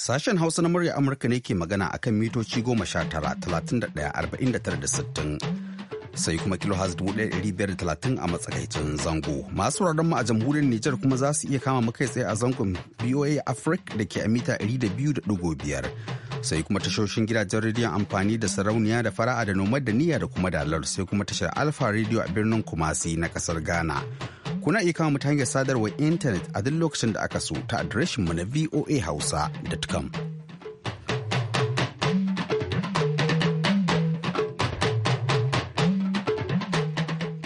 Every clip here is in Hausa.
Sashen Hausa na murya Amurka ne ke magana a kan mitoci goma sha tara, talatin da ɗaya, arba'in da tara da sittin. sai kuma kilohaz 1530 a matsakaicin zango masu wuraren mu a jamhuriyar Nijar kuma za su iya kama mu kai tsaye a zangon BOA Africa da ke a mita biyar. sai kuma tashoshin gidajen rediyon amfani da sarauniya da fara'a da nomad da niyya da kuma dalar sai kuma tashar alfa rediyo a birnin kumasi na kasar ghana kuna iya kama ta hanyar sadarwar intanet a duk lokacin da aka so ta adireshin mu na voa hausa.com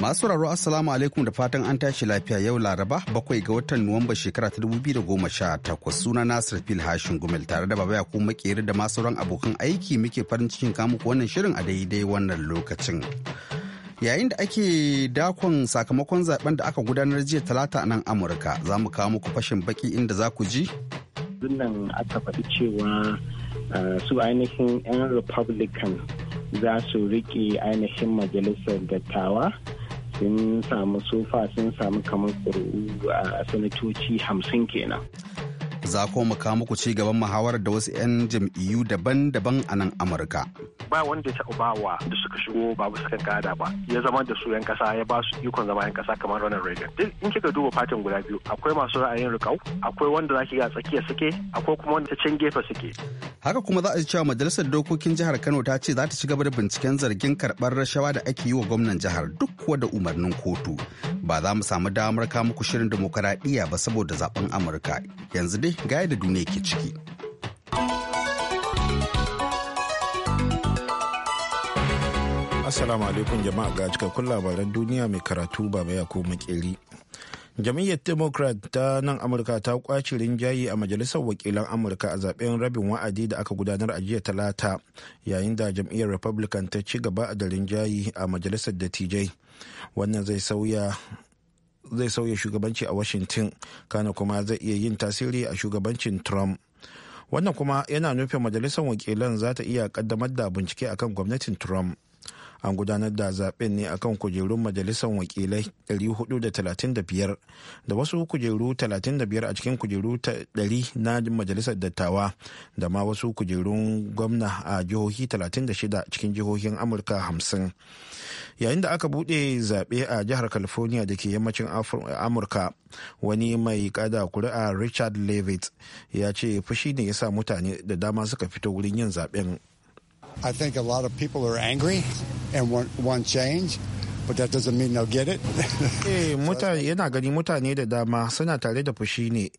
Masu sauraro Assalamu alaikum da fatan an tashi lafiya yau Laraba bakwai ga watan Nuwamba shekara ta dubu biyu da goma sha takwas suna Nasir Fil Hashin Gumel tare da Baba Yakubu Makeri da masu sauran abokan aiki muke farin cikin kamuku wannan shirin a daidai wannan lokacin. Yayin da ake dakon sakamakon zaben da aka gudanar jiya talata a nan Amurka za mu kawo muku fashin baki inda za ku ji. Zunan aka faɗi cewa eh, su ainihin 'yan Republican za su riƙe ainihin majalisar dattawa sun samu sofa sun samu kamar ƙuri'u a sanatoci hamsin kenan za mu kawo muku ci gaban muhawarar da wasu 'yan jam'iyyu daban-daban a nan Amurka. Ba wanda ya taɓa bawa da suka shigo ba su kan gada ba ya zama da su 'yan kasa ya ba su ikon zama 'yan kasa kamar Ronald Reagan. Duk in kika duba fatin guda biyu akwai masu ra'ayin rikau akwai wanda zaki ga tsakiya suke akwai kuma wanda ta can gefe suke. Haka kuma za a ji cewa majalisar dokokin jihar Kano ta ce za ta ci gaba da binciken zargin karɓar rashawa da ake yi wa gwamnan jihar duk kuwa umarnin kotu. Ba za mu samu damar kawo muku shirin dimokuraɗiyya ba saboda zaben Amurka. Yanzu dai dai ga yadda duniya ke ciki. Assalamu alaikum jama'a ga cikakkun labaran duniya mai karatu baba ya ko makeri. Jam'iyyar Democrat ta nan Amurka ta kwaci rinjaye a Majalisar Wakilan Amurka a zaben rabin wa'adi da aka gudanar a jiya talata yayin da jam'iyyar Republican ta ci gaba da rinjaye a Majalisar Dattijai. Wannan zai sauya zai sauya shugabanci a washington kana kuma zai iya yin tasiri a shugabancin trump wannan kuma yana nufin majalisar wakilan za ta iya kaddamar da bincike akan gwamnatin trump an gudanar da zaben ne akan kujerun majalisar wakilai 435 da wasu kujeru 35 a cikin kujeru 100 na majalisar dattawa da ma wasu kujerun gwamna a jihohi 36 cikin jihohin amurka 50 yayin da aka bude zaɓe a jihar california da ke yammacin amurka wani mai kada kuri'a richard levitt ya ce fushi ne ya sa mutane da dama suka fito wurin yin zaɓen I think a lot of people angry and eh mutane yana gani mutane da dama suna tare da fushi ne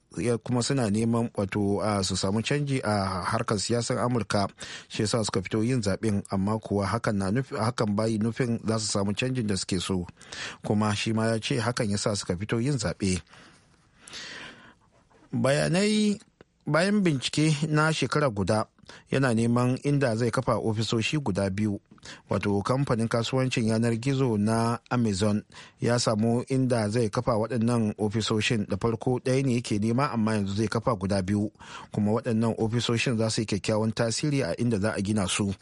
kuma suna neman wato su samu canji a harkar siyasar Amurka shi yasa suka fito yin zaben amma kuwa hakan na hakan bayi nufin za su samu canjin da suke so kuma shi ma ya ce hakan yasa suka fito yin zaɓe Bayanai bayan bincike na shekara guda yana neman inda zai kafa ofisoshi guda biyu wato kamfanin kasuwancin yanar gizo na amazon ya samu inda zai kafa waɗannan ofisoshin da farko ɗaya ne yake nema amma yanzu zai kafa guda biyu kuma waɗannan ofisoshin za su yi kyakkyawan tasiri a inda za a gina su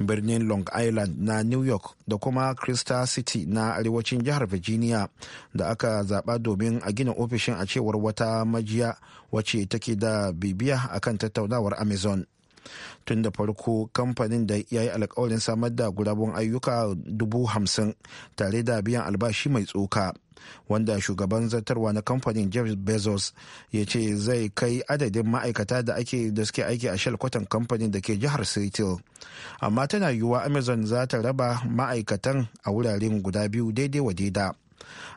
birnin long island na new york da kuma crystal city na arewacin jihar virginia da aka zaba domin a gina ofishin a cewar wata majiya wacce take da bibiya akan tattaunawar amazon tun da farko kamfanin da ya yi alkawarin samar da gurabun ayyuka dubu hamsin tare da biyan albashi mai tsoka wanda shugaban zartarwa na kamfanin jeff bezos ya ce zai kai adadin ma'aikata da ake da suke aiki a shalkwatan kamfanin da ke jihar seattle amma tana yiwuwa amazon za ta raba ma'aikatan a wuraren guda biyu daidai wa daida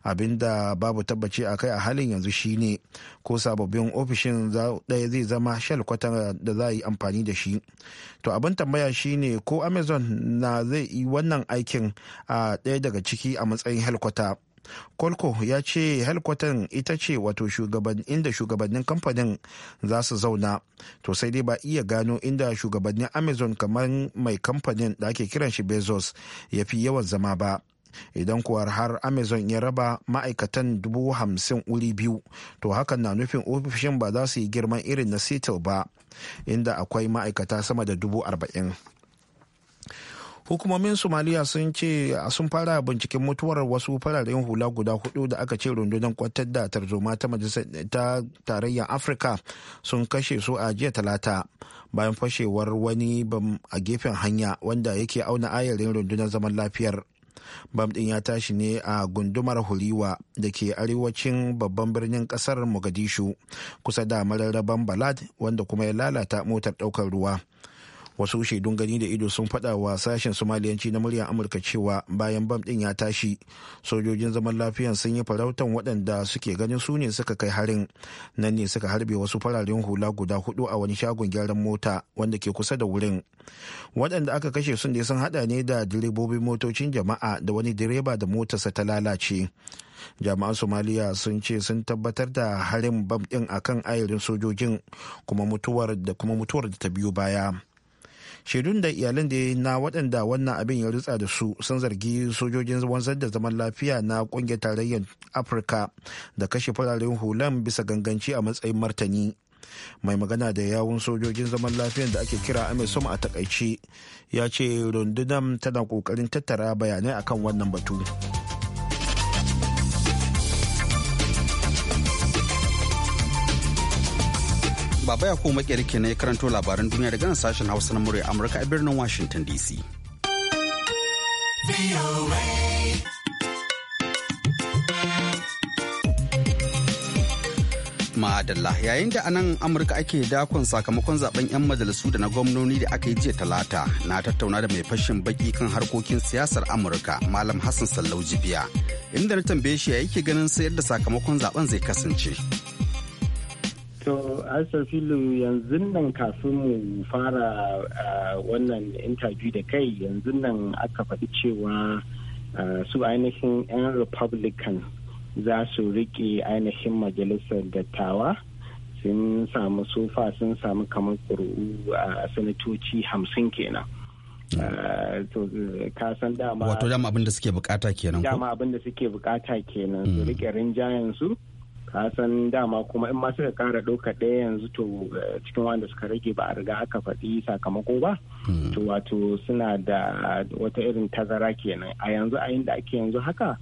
abinda babu tabbaci a kai a halin yanzu shine ko sababbin ofishin ɗaya zai zama kwata da za a yi amfani da shi to abin tambaya shine ko amazon na zai yi wannan aikin a ɗaya daga ciki a matsayin helkwata kolko ya ce helkwatan ita ce wato shugaban inda shugabannin kamfanin za su zauna to sai dai ba iya gano inda shugabannin amazon kamar mai kamfanin da ake kiran shi bezos ya fi yawan zama ba idan kuwa har amazon ya raba ma'aikatan dubu hamsin wuri biyu to hakan na nufin ofishin ba za su yi girman irin na seattle ba inda akwai ma'aikata sama da dubu arba'in hukumomin somaliya sun ce sun fara binciken mutuwar wasu fararen hula guda hudu da aka ce rundunar kwatar da tarzoma ta majalisar ta tarayyar afirka sun kashe su a jiya talata bayan fashewar wani bam a gefen hanya wanda yake auna ayarin rundunar zaman lafiyar bam ɗin ya tashi ne a gundumar huliwa da ke arewacin babban birnin kasar mogadishu kusa da mararraban balad wanda kuma ya lalata motar daukar ruwa wasu shaidun gani da ido sun faɗa wa sashen somaliyanci na muryar amurka cewa bayan bam ɗin ya tashi sojojin zaman lafiyan sun yi farautan waɗanda suke ganin su ne suka kai harin nan ne suka harbe wasu fararen hula guda hudu a wani shagon gyaran mota wanda ke kusa da wurin waɗanda aka kashe sun ne sun haɗa ne da direbobin motocin jama'a da wani direba da motarsa ta lalace jami'an somaliya sun ce sun tabbatar da harin bam ɗin akan ayarin sojojin kuma mutuwar da ta biyo baya shaidun da iyalan da na waɗanda wannan abin ya rutsa da su sun zargi sojojin wanzar da zaman lafiya na ƙungiyar tarayyar afirka da kashe fararen hulan bisa ganganci a matsayin martani mai magana da yawun sojojin zaman lafiyan da ake kira amisom a takaice ya ce rundunar tana ƙoƙarin tattara bayanai akan wannan batu. Baba ya kuma na ne karanto labaran duniya daga nan sashen Hausa na murya Amurka a birnin Washington DC. Madalla yayin da anan Amurka ake dakon sakamakon zaben 'yan majalisu da na gwamnoni da aka yi jiya talata na tattauna da mai fashin baki kan harkokin siyasar Amurka Malam Hassan Sallau Jibiya inda na tambaye shi ya yake ganin sayar da sakamakon zaben zai kasance. To, Aisha Filu yanzu nan kafin mu fara wannan interview da kai yanzu nan aka faɗi cewa su ainihin 'yan Republican za su riƙe ainihin majalisar dattawa sun samu sofa sun samu kamar ƙuri'u a sanatoci hamsin kenan. ka san dama wato dama abinda da suke bukata kenan dama abin da suke bukata kenan su mm. riƙe rinjayen su ka san dama kuma in ma suka kara ɗauka ɗaya yanzu to eh, cikin wanda suka rage ba a riga aka faɗi sakamako ba hmm. to wato suna da wata irin tazara kenan a yanzu a da ake yanzu haka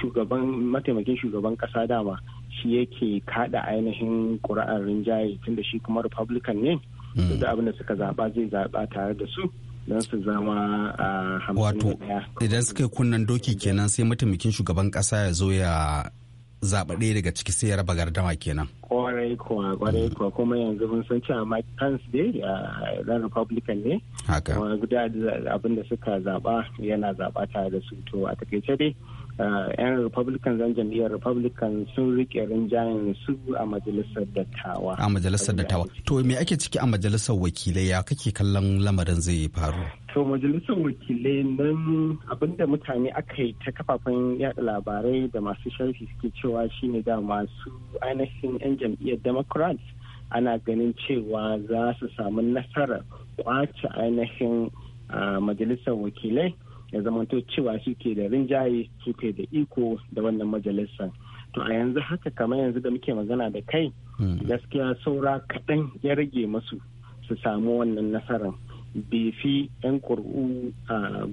shugaban mataimakin shugaban kasa dama shi yake kaɗa ainihin ƙuri'ar rinjaye tunda shi kuma republican ne hmm. da abin da suka zaba zai zaba tare da su don su zama a ah, hamsin wato idan suka yi kunnan doki kenan sai mataimakin shugaban kasa ya zo ya zaɓa ɗaya daga ciki sai ya raba gardama kenan. Kwarai kuwa, kwarai mm. kuwa kuma yanzu mun san cewa Mike Pence dai a ɗan Republican ne. Haka. Kuma guda abin da suka zaɓa yana zaɓa tare da su to a takaice dai. 'yan republican zan jam'iyyar republican sun rike rinjayen su a majalisar dattawa a majalisar dattawa to me ake ciki a majalisar wakilai ya kake kallon lamarin zai faru to majalisar wakilai nan abinda mutane aka yi ta kafafen yada labarai da masu sharhi suke cewa shine da masu ainihin 'yan jam'iyyar democrats ana ganin cewa za su samu nasarar kwace ainihin ah, majalisar wakilai ya zamanto cewa shi ke da rinjaye su ke da iko da wannan majalisar to a yanzu haka kamar yanzu da muke magana da kai mm. gaskiya saura kaɗan ya rage masu su samu wannan nasarar bai fi 'yan ƙuri'u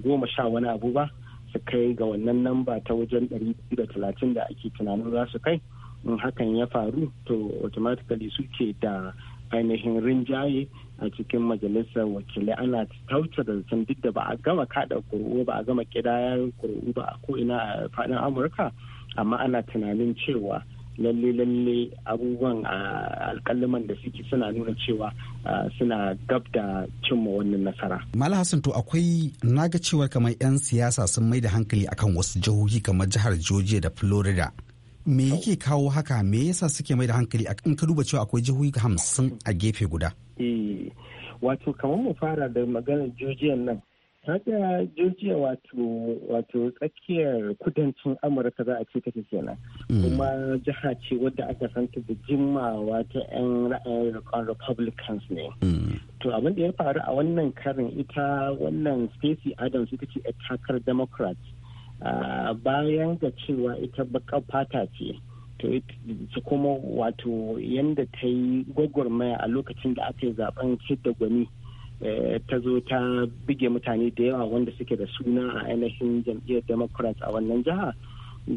goma sha wani abu ba su kai ga wannan namba ta wajen 130 da ake tunanin za su kai in hakan ya faru to automatically suke da ainihin rinjaye a cikin majalisar wakilai ana tauce da zancen duk da ba a gama kada kuri'u ba a gama kidayen kuri'u ba a ko'ina a faɗin amurka amma ana tunanin cewa lalle lalle abubuwan alkaliman da suke suna nuna cewa suna gab da cimma wannan nasara. Mala Hassan to akwai naga cewar kamar 'yan siyasa sun mai da hankali akan wasu jihohi kamar jihar Georgia da Florida. Me yake kawo haka me yasa suke mai da hankali in ka duba cewa akwai jihohi hamsin a gefe guda? eh wato kamar mu fara da maganar jojiyan nan kaga georgia wato wato tsakiyar kudancin amurka za a ce take kenan hmm. kuma jiha ce wadda aka santa da jimawa ta yan ra'ayin republicans ne hmm. to abin da ya faru a wannan karin ita wannan stacey adams ita ce takar democrat ah, bayan ga cewa ita bakar fata ce to su kuma wato yadda ta yi gwagwarmaya a lokacin da aka yi zaben da gwani eh, ta zo ta bige mutane da yawa wanda suke da suna a ainihin jam'iyyar democrats a wannan jiha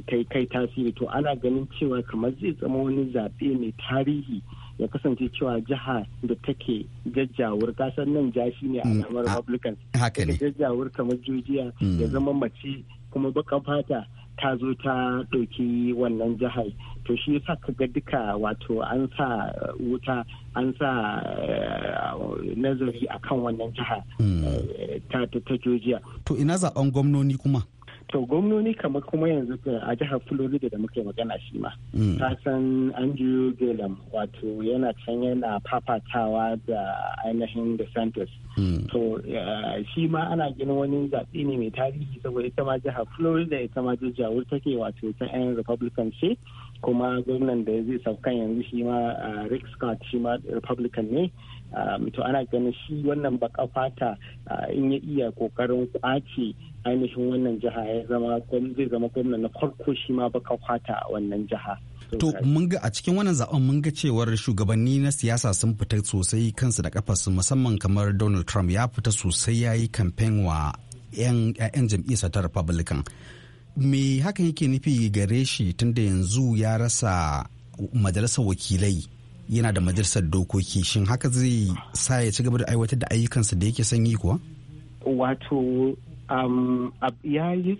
ta kai tasiri to ana ganin cewa kamar zai zama wani zaɓe mai tarihi ya kasance cewa jiha da take jajjawar kasar nan jashi ne a kamar mm. republicans da jajjawar kamar jujiya ya mm. zama mace kuma bakan fata ta zo ta ɗauki wannan jihar to shi yasa ka ga duka wato an sa uh, wuta an sa uh, nazari akan wannan jiha hmm. uh, ta Georgia. To ina zaben gwamnoni kuma? to gwamnoni kamar kuma yanzu a jihar florida da muke magana shi ma ta hmm. san andrew gillum wato yana can yana fafatawa da ainihin da santos hmm. to shi ma ana gina wani zaɓe ne mai tarihi saboda ita ma jihar florida ita ma wurta take wato ta yan republican ce kuma gwamnan da zai saukan yanzu shi ma rick scott shi ma republican ne to ana ganin shi wannan baka fata in ya iya kokarin kwace ainihin wannan jiha ya zama zai zama gwamnan na farko shi ma baka fata a wannan jiha to mun ga a cikin wannan zaben mun ga cewar shugabanni na siyasa sun fita sosai kansu da kafarsu musamman kamar donald trump ya fita sosai ya yi kamfen wa 'yan jam'iyyarsa ta republican me hakan yake nufi gare shi tunda yanzu ya rasa majalisar wakilai yana da majalisar dokoki shin haka zai sa ya ci gaba da aiwatar da ayyukansa da yake son yi kuwa wato um, ya yi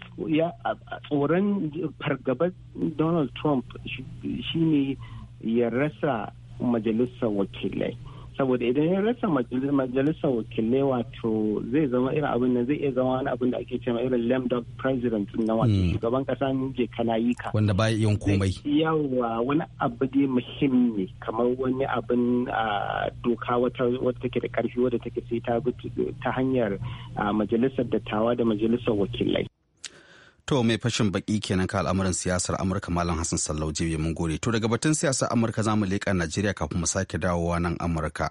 tsoron fargabar donald trump shine ya rasa majalisar wakilai saboda idan ya rasa majalisar wakilai wato zai zama irin abin da zai iya zama wani abin da ake ce ma irin lame dog president na wato hmm. shugaban kasa je kana yi ka wanda ba yin komai yawa wani abu dai muhimmi kamar wani abin doka wata wata take da karfi wadda take sai ta ta hanyar majalisar dattawa da majalisar wakilai To mai fashin baki kenan ka al'amuran siyasar Amurka Malam Hassan Sallau Jibi mun gode. To daga batun siyasar Amurka zamu leƙa Najeriya kafin mu sake dawowa nan Amurka.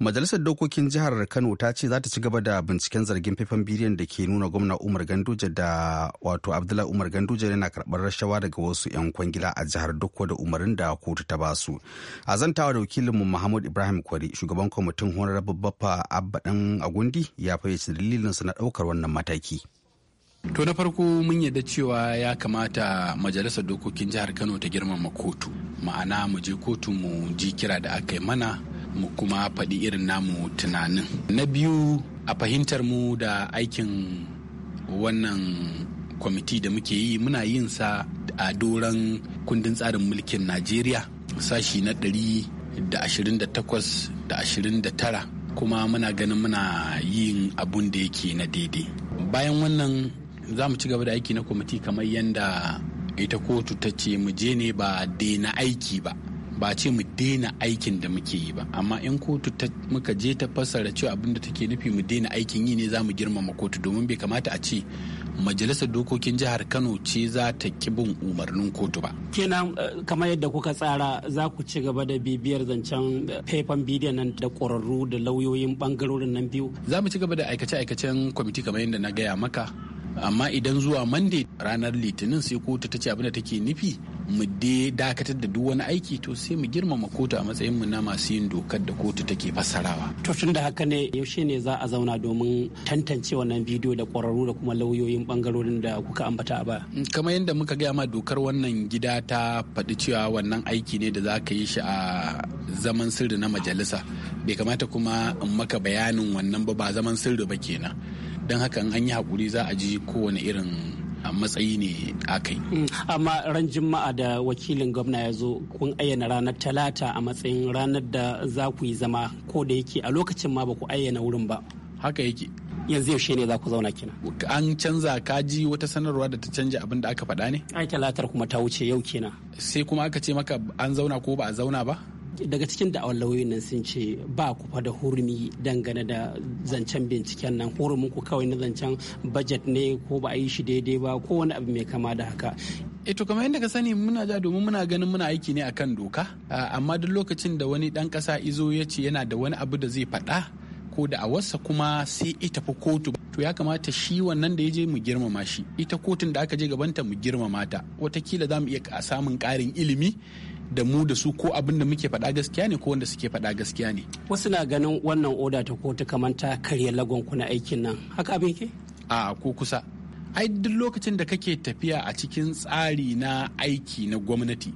Majalisar Dokokin Jihar Kano ta ce za ta ci gaba da binciken zargin faifan bidiyon da ke nuna gwamna Umar Ganduje da wato Abdullahi Umar Ganduje yana karɓar rashawa daga wasu 'yan kwangila a jihar Dokko da umarin da kotu ta basu. A zantawa da wakilinmu Muhammad Ibrahim Kwari shugaban kwamitin Honorable Baffa Abba Agundi ya fayyace dalilinsa na ɗaukar wannan mataki. To na farko mun yadda cewa ya kamata majalisar dokokin jihar Kano ta girmama kotu. Ma'ana mu je kotu mu ji kira da aka yi mana mu kuma faɗi irin namu tunanin. Na biyu a fahimtar mu da aikin wannan kwamiti da muke yi muna yin sa a doron kundin tsarin mulkin Najeriya sashi na ɗari da ashirin da takwas da ashirin da tara kuma muna ganin muna yin abun da yake na daidai. Bayan wannan za mu ci gaba da aiki na kwamiti kamar yadda ita kotu ta ce mu je ne ba daina aiki ba ba ce mu daina aikin da muke yi ba amma in kotu ta muka je ta fassara cewa abin da take nufi mu daina aikin yi ne za mu girmama kotu domin bai kamata a ce majalisar dokokin jihar kano ce za ta ki bin umarnin kotu ba kenan eh, kamar yadda kuka tsara za ku ci gaba da bibiyar zancen eh, faifan bidiyon nan da ƙwararru da lauyoyin bangarorin nan biyu za mu ci gaba da aikace-aikacen kwamiti kamar yadda na gaya maka amma idan zuwa monday ranar litinin sai kotu ta ce abin da take nufi mu de dakatar da duk wani aiki to sai mu girmama kotu a matsayin mu na masu yin dokar da kotu take fassarawa to tun da haka ne yaushe ne za a zauna domin tantance wannan bidiyo da kwararru da kuma lauyoyin bangarorin da kuka ambata a baya mm, kamar yadda muka gaya ma dokar wannan gida ta faɗi cewa wannan aiki ne da za ka yi shi a zaman sirri na majalisa bai kamata kuma in maka bayanin wannan ba ba zaman sirri ba kenan don haka an yi haƙuri za a ji kowane irin matsayi ne a kai. Mm, amma ran juma'a da wakilin gwamna ya zo kun ayyana ranar talata a matsayin ranar da za ku yi zama ko da yake a lokacin ma ba ku ayyana wurin ba haka yake yanzu yaushe ne za ku zauna kina an canza kaji wata sanarwa da ta canja abin da aka faɗa ne ai talatar kuma ta wuce yau kenan sai kuma aka ce maka an zauna ko ba a zauna ba daga cikin da'awar lauyoyin nan sun ce ba ku fa da hurumi dangane da zancen binciken nan hurumin ku kawai na zancen budget ne ko ba a yi shi daidai ba ko wani abu mai kama da haka e to kamar yadda ka sani muna ja domin muna ganin muna aiki ne akan doka amma duk lokacin da wani dan kasa izo ya ce yana da wani abu da zai faɗa ko da a wasa kuma sai ita fi kotu to ya kamata shi wannan da ya je mu girmama shi ita kotun da aka je gabanta mu girmama ta watakila za mu iya samun ƙarin ilimi da mu da su ko abin da muke faɗa gaskiya ne ko wanda suke faɗa gaskiya ne wasu na ganin wannan oda ta kotu kamar ta karya lagon kuna aikin nan haka abin ke a ko kusa ai duk lokacin da kake tafiya a cikin tsari na aiki na gwamnati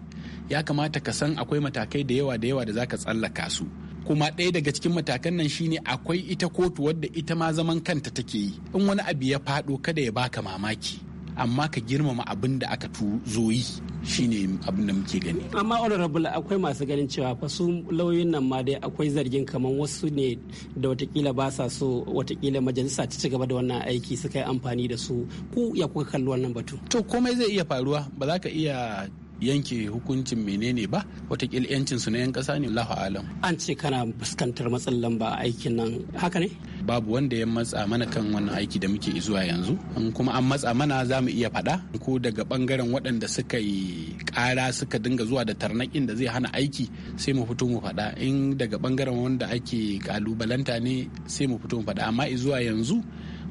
ya kamata ka san akwai matakai da yawa da yawa da zaka tsallaka su kuma ɗaya daga cikin matakan nan shine akwai ita kotu wadda ita ma zaman kanta take yi in wani abu ya faɗo kada ya baka mamaki amma ka girmama abin da aka tu yi shine abin da muke gani amma honorable akwai masu ganin cewa fa su lauyoyin nan ma dai akwai zargin kamar wasu ne da watakila ba sa so watakila majalisa ta ci gaba da wannan aiki suka yi amfani da su ku ya kuka kalli wannan batu to komai zai iya faruwa ba za ka iya yanke hukuncin menene ba watakila yancin su na yan kasa ne Allahu alam an ce kana fuskantar matsin lamba a aikin nan haka ne babu wanda ya matsa mana kan wannan aiki da muke zuwa yanzu in kuma an matsa mana za mu iya faɗa ko daga bangaren waɗanda suka yi ƙara suka dinga zuwa da tarnakin da zai hana aiki sai mu fito mu faɗa in daga bangaren wanda ake kalubalanta ne sai mu fito mu faɗa amma zuwa yanzu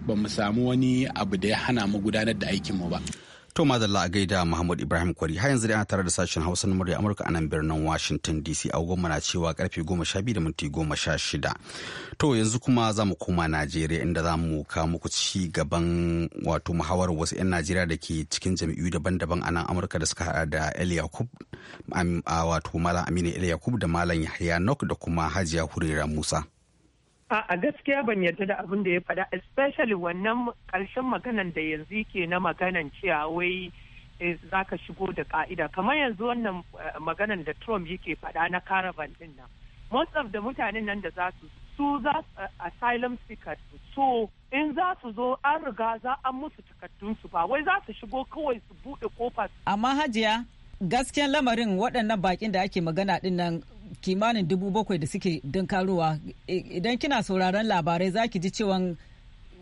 ba mu samu wani abu da ya hana mu gudanar da aikinmu ba To madalla a gaida Muhammad Ibrahim Kwari har yanzu dai ana tare da sashen Hausa na murya Amurka a nan birnin Washington DC a na cewa karfe 12 da minti 16. To yanzu kuma za mu koma Najeriya inda za mu ka muku ci gaban wato muhawarar wasu 'yan Najeriya da ke cikin jami'u daban-daban a nan Amurka da suka hada da El Yakub wato Malam Aminu El Yakub da Malam Yahya Nok da kuma Hajiya Hurera Musa. a gaskiya ban yarda da abin da ya faɗa especially wannan ƙarshen maganan da yanzu ke na maganan cewa wai eh, za ka shigo da ka'ida kamar yanzu wannan eh, maganan da trump yake faɗa na caravan din nan most of the mutanen nan da za su su za eh, asylum seekers so in za su zo an riga za an musu takardunsu ba wai za su shigo kawai su buɗe kofa amma hajiya gaskiyan lamarin waɗannan bakin da ake magana ɗin nan kimanin dubu bakwai da suke don idan kina sauraron labarai za ki ji cewa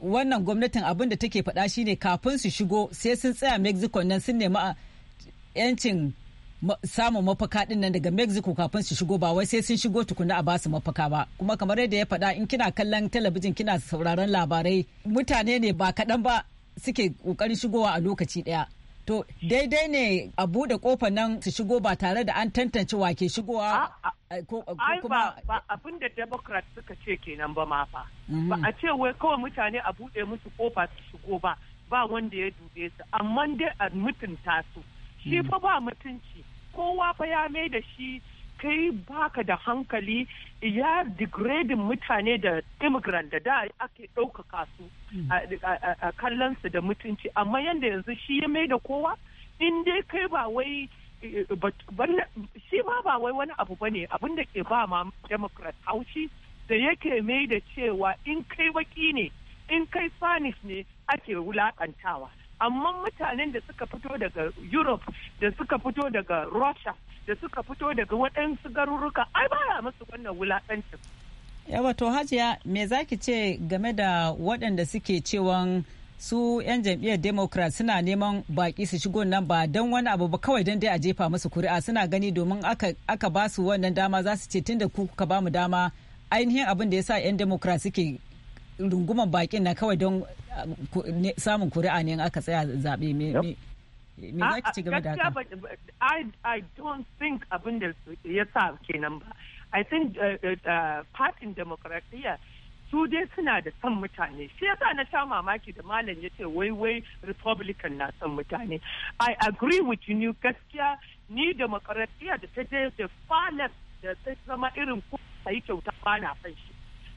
wannan gwamnatin abin da take faɗa shine kafin su shigo sai sun tsaya mexico nan sun nemi yancin samun mafaka din nan daga mexico kafin su shigo ba wai sai sun shigo tukuna a basu mafaka ba kuma kamar yadda ya faɗa in kina kallon talabijin kina sauraron labarai mutane ne ba kaɗan ba suke ƙoƙarin shigowa a lokaci ɗaya To daidai ne a bude kofa nan su shigo ba tare da an tantance wa ke shigowa. kuma ba abin da Democrat suka ce kenan ba ma fa. Mhm. Ba a ce wai kawai mutane a bude musu kofa su shigo ba ba wanda ya dube su amma dai a mutunta su. Shi mhm. fa ba mutunci kowa fa ya mai da shi kai baka da hankali ya degradin mutane da immigrant da da ake ɗaukaka su a kallonsu da mutunci amma yadda yanzu shi ya mai da kowa in dai kai ba wai eh, shi ma ba wai wani abu bane ne da ke ba ma democrat haushi da yake mai da cewa in kai baki ne in kai spanish ne ake wulakantawa amma mutanen da suka fito daga europe da suka fito daga russia da suka fito daga waɗansu garuruka ai baya musu wannan wulaƙancin. yawa to hajiya me zaki ce game da waɗanda suke cewa su 'yan jam'iyyar democrat suna neman baƙi su shigo nan ba don wani abu ba kawai don dai a jefa musu kuri'a suna gani domin aka ba su wannan dama za su ce tun da ku ka ba mu dama ainihin abin da ya sa 'yan democrat suke runguman baƙin na kawai don eh, samun kuri'a ne aka tsaya zaɓe me za ci gaba da haka i don't think abin da ya sa kenan ba i think uh, uh, uh, fatin demokradiyya su dai suna da son mutane shi yasa na sha mamaki da malam ya ce wai wai republican na son mutane i agree with you gaskiya ni demokradiyya da ta je da falas da ta zama irin ku a yi kyauta ba na son shi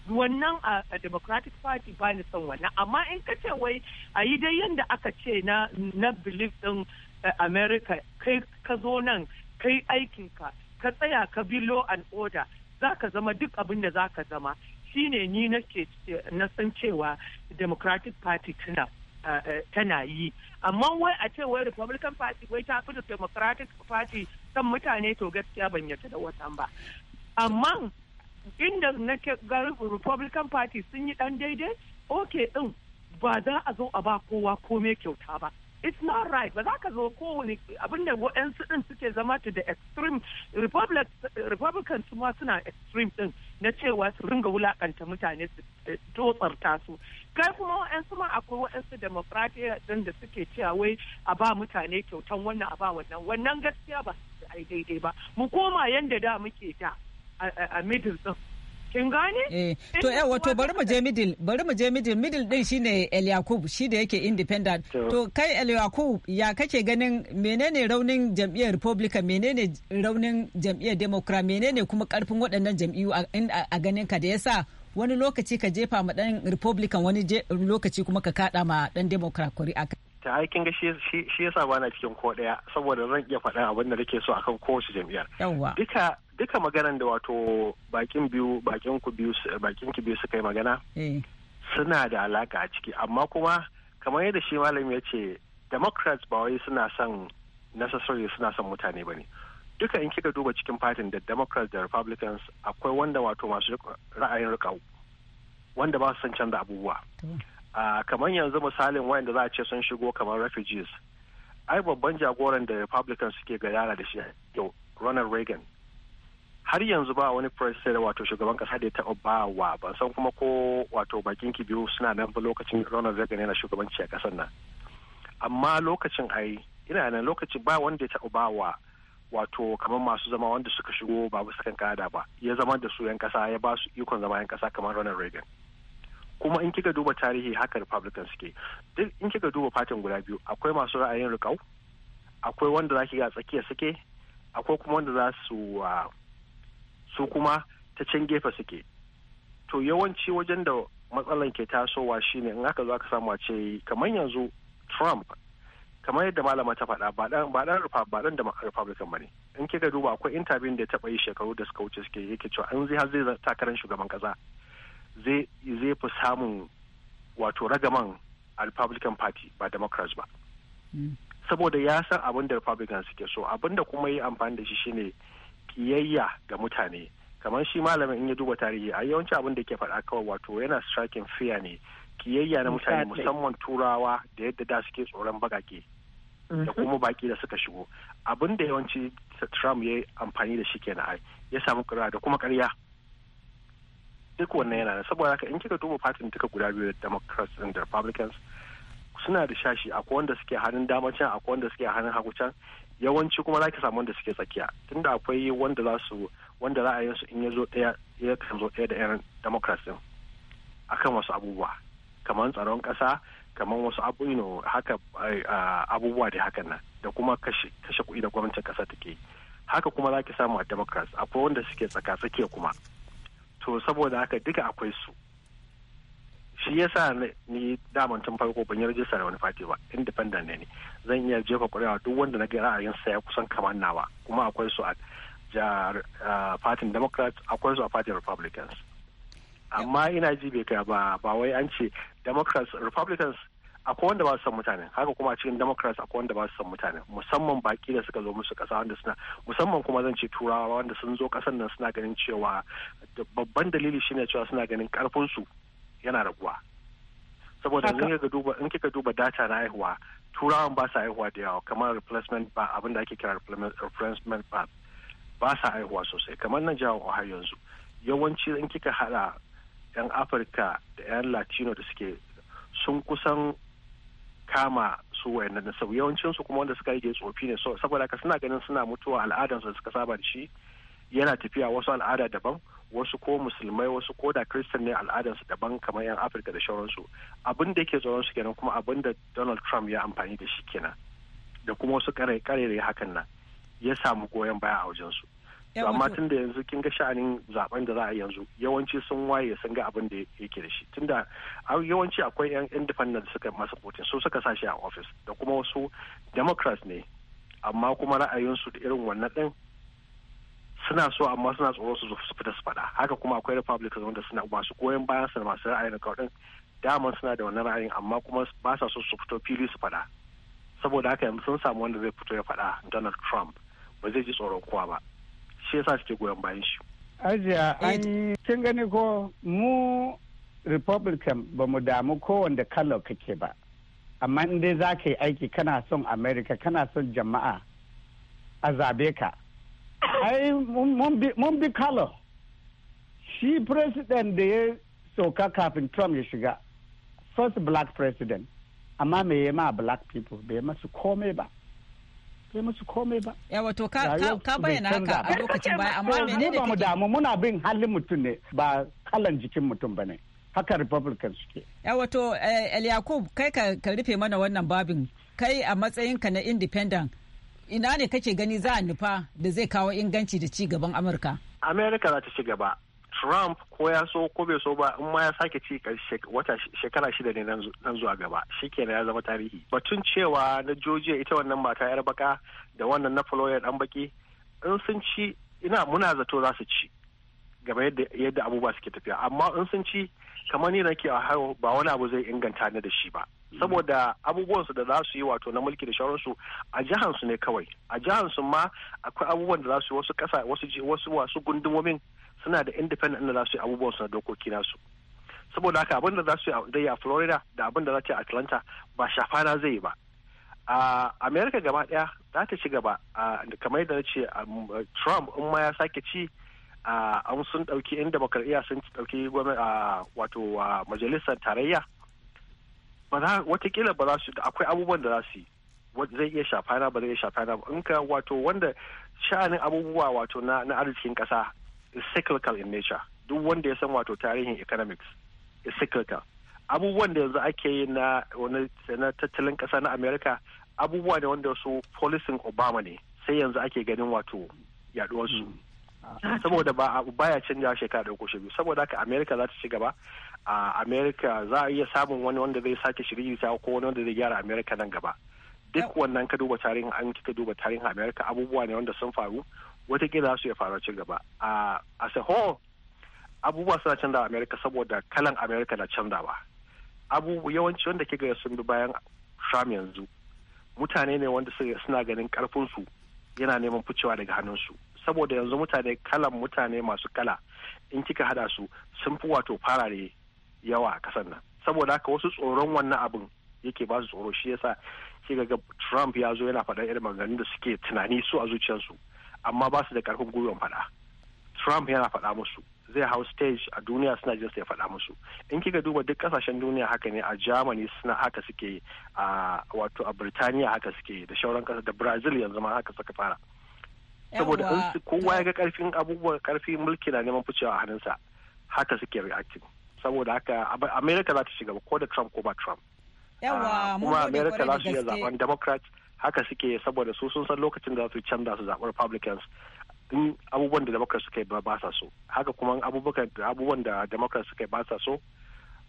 wannan a democratic party ba ni son wannan amma in ka ce wai a yi dai yadda aka ce na na belief din eh, america kai ka zo nan kai aikin ka ka tsaya ka bi law and order za ka zama duk abin da za ka zama shine ni eh, na san cewa democratic party tana tana yi amma wai a ce wai republican party wai ta fi da democratic party san mutane to gaskiya ban yarda da watan ba amma inda na ga republican party sun yi dan daidai ok din ba za a zo a ba kowa kome kyauta ba it's not right ba za ka zo kowane abinda waɗansu din suke zama to the extreme republicans ma suna extreme din na cewa su ringa wulakanta mutane su dotsarta eh, su kai kuma waɗansu ma akwai waɗansu demokratiya din da suke cewa wai a ba mutane kyautan wannan a ba wannan wannan gaskiya ba su daidai ba mu koma yadda da muke da a middle din kin gane eh, to eh wato bari mu je middle bari mu je middle middle din shine El Yakub shi da yake independent to kai El Yakub ya kake ganin menene raunin jam'iyyar Republican menene raunin jam'iyyar Democrat menene kuma karfin waɗannan jam'iyyu a ganin ka da yasa wani lokaci ka jefa ma dan republican wani lokaci kuma ka kada ma dan democrat kuri'a ta ai kin ga shi yasa ba na cikin ko daya saboda zan iya faɗa abin da nake so akan kowace jam'iyyar yawwa duka duka magana da wato bakin biyu bakin ku biyu bakin ki biyu suka yi magana eh. suna da alaka a ciki amma kuma kamar yadda shi malam ya ce democrats ba wai suna son necessarily suna son mutane ba ne duka in kika duba cikin fatin da democrats da republicans akwai wanda wato masu ra'ayin rikau wanda ba su san canza abubuwa kamar yanzu misalin wanda za a ce sun shigo kamar refugees ai babban jagoran da republicans suke gadara da shi yau ronald reagan har yanzu ba wani da wato shugaban kasa da ya taɓa ba wa ban san kuma ko wato bakin ki biyu suna nan ba lokacin Ronald Reagan yana shugabanci a kasar nan amma lokacin ai ina nan lokacin ba wanda ya taɓa ba wa wato kamar masu zama wanda suka shigo ba bisa kan kada ba ya zama da su yan kasa ya ba su ikon zama yan kasa kamar Ronald Reagan kuma in kika duba tarihi haka Republicans suke duk in kika duba fatin guda biyu akwai masu ra'ayin rikau akwai wanda zaki ga tsakiya suke akwai kuma wanda za su ah, su kuma ta can gefe suke to yawanci wajen da matsalan ke tasowa shine in aka zo aka samu a ce kamar yanzu trump kamar yadda malama ta faɗa ba dan ba dan republican ba ne in kika duba akwai interview da ya taba yi shekaru da suka wuce suke yake cewa an zai har zai takarar shugaban kasa zai zai fi samun wato ragaman a republican party ba democrats ba hmm. saboda ya san abin da republican suke so abin da kuma yi amfani da shi shine kiyayya ga mutane kamar shi malamin in ya duba tarihi a yawanci abin da ke faɗa kawai wato yana striking fear ne kiyayya na mutane musamman turawa da yadda da suke tsoron bagage da mhm. kuma baki da suka shigo abin da yawanci trump ya yi amfani da shi kenan ya samu kira da kuma karya duk wannan yana saboda haka in kika duba fatin duka guda biyu da democrats and republicans suna da shashi akwai wanda suke hannun damar can akwai wanda suke hannun hagu can yawanci kuma za ki samu wanda suke tsakiya tunda akwai wanda za su wanda su in ya zo ɗaya ya kan zo ɗaya da yan democracy din akan wasu abubuwa kamar tsaron ƙasa kamar wasu abubuwa haka abubuwa da hakan nan da kuma kashe kuɗi da gwamnatin ƙasa take haka kuma za ki samu a democracy akwai wanda suke tsaka tsakiya kuma to saboda haka duka akwai su shi yasa ni daman tun farko ban yi rajista da wani fati ba independent ne ni zan iya jefa kuri'a duk wanda na ga sa ya kusan kamar nawa kuma akwai su a ah, fatin democrats akwai su a fatin republicans amma ina ji bai kai ba ba wai an ce democrats republicans akwai wanda ba su san mutane haka kuma a cikin democrats akwai wanda ba su san mutane musamman baki da suka zo musu kasa wanda suna musamman kuma zan ce turawa wanda sun zo kasan nan suna ganin cewa babban dalili shine cewa suna ganin karfin su yana raguwa saboda in ka duba in kika duba data na haihuwa turawan ba sa haihuwa da yawa kamar replacement ba abin da ake kira replacement ba ba sa haihuwa sosai kamar nan jihar ohio yanzu yawanci in kika hada yan afirka da yan latino da suke sun kusan kama su wayannan sau yawancin su kuma wanda suka rage tsofi ne saboda ka suna ganin suna mutuwa al'adansu da suka saba da shi yana tafiya wasu al'ada daban wasu ko musulmai wasu ko da kristan ne al'adarsu daban kamar 'yan afirka da shawararsu abin da yake tsoron su kenan kuma abin da donald trump ya amfani da shi kenan da kuma wasu karere hakan nan ya samu goyon baya a wajen amma tun da yanzu kin ga sha'anin zaben da za a yanzu yawanci sun waye sun ga abin da yake da shi tunda yawanci akwai yan independent suka masa voting su suka sashi a ofis da kuma wasu democrats ne amma kuma ra'ayinsu da irin wannan din suna so amma suna tsoro su su fita su faɗa haka kuma akwai republicans wanda suna masu goyon bayan su da masu ra'ayin kaɗin daman suna da wannan ra'ayin amma kuma ba sa so su fito fili su faɗa saboda haka yanzu sun samu wanda zai fito ya faɗa donald trump ba zai ji tsoron kowa ba shi yasa suke goyon bayan shi ajiya an kin gani ko mu republican ba mu damu kowanda kalar kake ba amma in dai za ka yi aiki kana son america kana son jama'a a zabe ka ai mun bi kalo shi president da ya sauka kafin trump ya shiga first black president amma me ya ma black people bai masu komai ba bai masu komai ba ya wato ka bayyana haka a lokacin baya amma me ne mu damu muna bin halin mutum ne ba kalan jikin mutum ba ne haka republican suke ya wato eliakub eh, kai ka rufe mana wannan babin kai a matsayinka na independent ina ne kake gani za a nufa da zai kawo inganci da ci gaban amurka amerika za ta ci gaba trump ko ya so ko bai so ba in ma ya sake ci wata shekara shida ne nan zuwa gaba shi shikenan ya zama tarihi batun cewa na georgia ita wannan mata yar baka da wannan na florida dan baki in sun ci ina muna zato za su ci gaba yadda abubuwa suke tafiya amma in sun ci kamar ni nake a hayo ba wani abu zai inganta ni da shi ba mm. saboda abubuwansu da za su yi wato na mulki da su a su ne kawai a su ma akwai abubuwan da za su yi wasu kasa wasu wasu wasu gundumomin suna da independent da za su yi abubuwansu na dokoki nasu saboda haka abin da za su yi a Florida da abin da za su yi a Atlanta ba shafana zai yi ba a America gaba daya za ta ci gaba kamar yadda na ce um, Trump in ma ya sake ci an sun ɗauki inda demokradiyya sun ɗauki wato majalisar tarayya watakila ba za su akwai abubuwan da za su yi zai iya shafa na ba zai iya shafa na ba in ka wato wanda sha'anin abubuwa wato na arzikin kasa is cyclical in nature duk wanda ya san wato tarihin economics is cyclical abubuwan da yanzu ake yi na wani tattalin kasa na america abubuwa ne wanda su policing obama ne sai yanzu ake ganin wato yaduwarsu mm. saboda ba baya canja shekara da ko biyu saboda haka america za ta ci gaba a america za a iya samun wani wanda zai sake shiririta ko wani wanda zai gyara america nan gaba duk wannan ka duba tarihin an kika duba tarihin america abubuwa ne wanda sun faru watakila su ya faru ci gaba a a saho abubuwa suna canza a america saboda kalan america na canzawa abubuwa yawanci wanda kika sun bi bayan trump yanzu mutane ne wanda suna ganin karfin su yana neman ficewa daga hannun su saboda yanzu mutane kalan mutane masu kala in kika hada su sun fi wato farare yawa a kasan nan saboda haka wasu tsoron wannan abin yake ba su tsoro shi yasa sai ga Trump ya zo yana faɗa irin maganganun da suke tunani su a zuciyarsu amma ba su da karfin gwiwan faɗa Trump yana faɗa musu zai hau stage a duniya suna jin ya faɗa musu in kika duba duk kasashen duniya haka ne a Germany suna haka suke a wato a Birtaniya haka suke da shauran kasa da Brazil yanzu ma haka suka fara saboda in kowa ya ga karfin abubuwan karfi mulki na neman ficewa a hannunsa haka suke reacting saboda haka america za ta shiga ko da trump ko ba trump ah, kuma america za su iya zaben democrats haka suke saboda su sun san lokacin da su canza su zaɓi republicans in abubuwan da democrats suka yi ba sa so haka kuma abubuwan da democrats suka yi ba sa so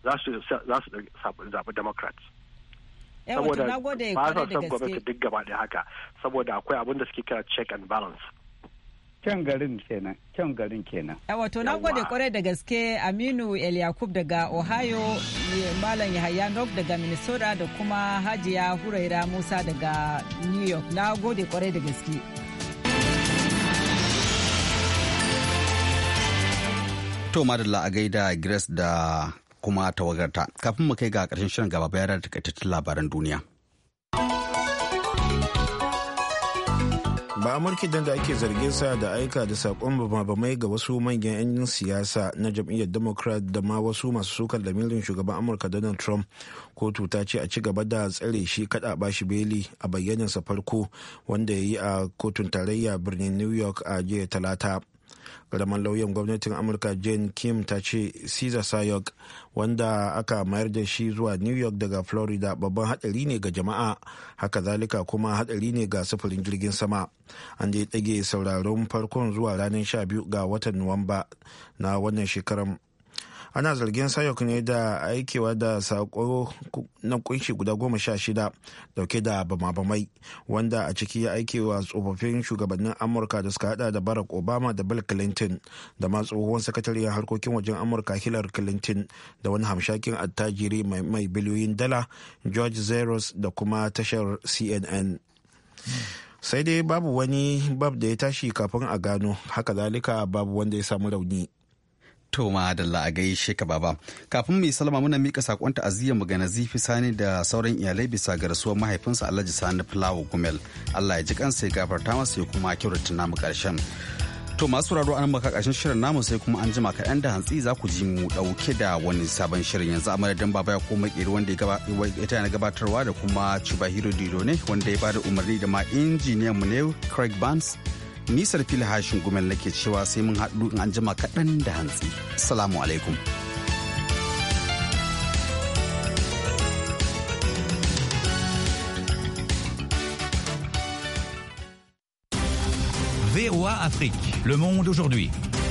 za su zaɓi democrats saboda ba sa son gwamnati duk gaba da haka saboda akwai abin da suke kira check and balance kyan garin kenan kyan garin kenan wato na gode kwarai da gaske aminu el yakub daga ohio malam yahaya nok daga minnesota da kuma hajiya huraira musa daga new york na gode kwarai da gaske to madalla a gaida grace da kuma tawagarta kafin mu kai ga ƙarshen shirin gaba bayar da takaitattun labaran duniya. ba amurki da ake zargin sa da aika da sakon bamai ga wasu manyan 'yan siyasa na jam'iyyar democrat da ma wasu masu sukar lamirin shugaban amurka donald trump kotu ta ce a ci gaba da tsare shi kada bashi beli a bayyanarsa farko wanda ya yi a kotun tarayya birnin new york a jiya talata karaman lauyan gwamnatin amurka jane kim ta ce caesar sayok wanda aka mayar da shi zuwa new york daga florida babban hadari ne ga jama'a haka zalika kuma hadari ne ga sufurin jirgin sama an dai tsage sauraron farkon zuwa ranar 12 ga watan nuwamba na wannan shekarar ana zargin sayok ne da aikewa da sako na kunshi guda goma sha shida dauke da bama-bamai wanda a ciki ya aikewa tsofaffin shugabannin amurka da suka hada da barack obama da bill clinton da ma tsohon sakatariyar harkokin wajen amurka hillary clinton da wani hamshakin attajiri mai biliyoyin dala george zeros da kuma tashar cnn sai dai babu wani bab da ya tashi kafin a gano haka zalika babu wanda ya samu rauni To da a gaishe ka baba. Kafin mu yi salama muna mika sakon ta'aziyyar mu ga Nazifi Sani da sauran iyalai bisa ga rasuwar mahaifinsa Alhaji Sani Fulawo Gumel. Allah ya ji kansa ya gafarta masa ya kuma tuna mu karshen. To masu raro an maka karshen shirin namu sai kuma an jima kaɗan da hantsi za ku ji mu ɗauke da wani sabon shirin yanzu a madadin baba ya koma ƙeri wanda ya yana gabatarwa da kuma Chubahiro Dido ne wanda ya bada umarni da ma injiniyan mu ne Craig Barnes. nisar fili hashin gumel nake cewa sai mun haɗu in an jima kaɗan da hantsi salamu alaikum VOA Afrique, le monde aujourd'hui.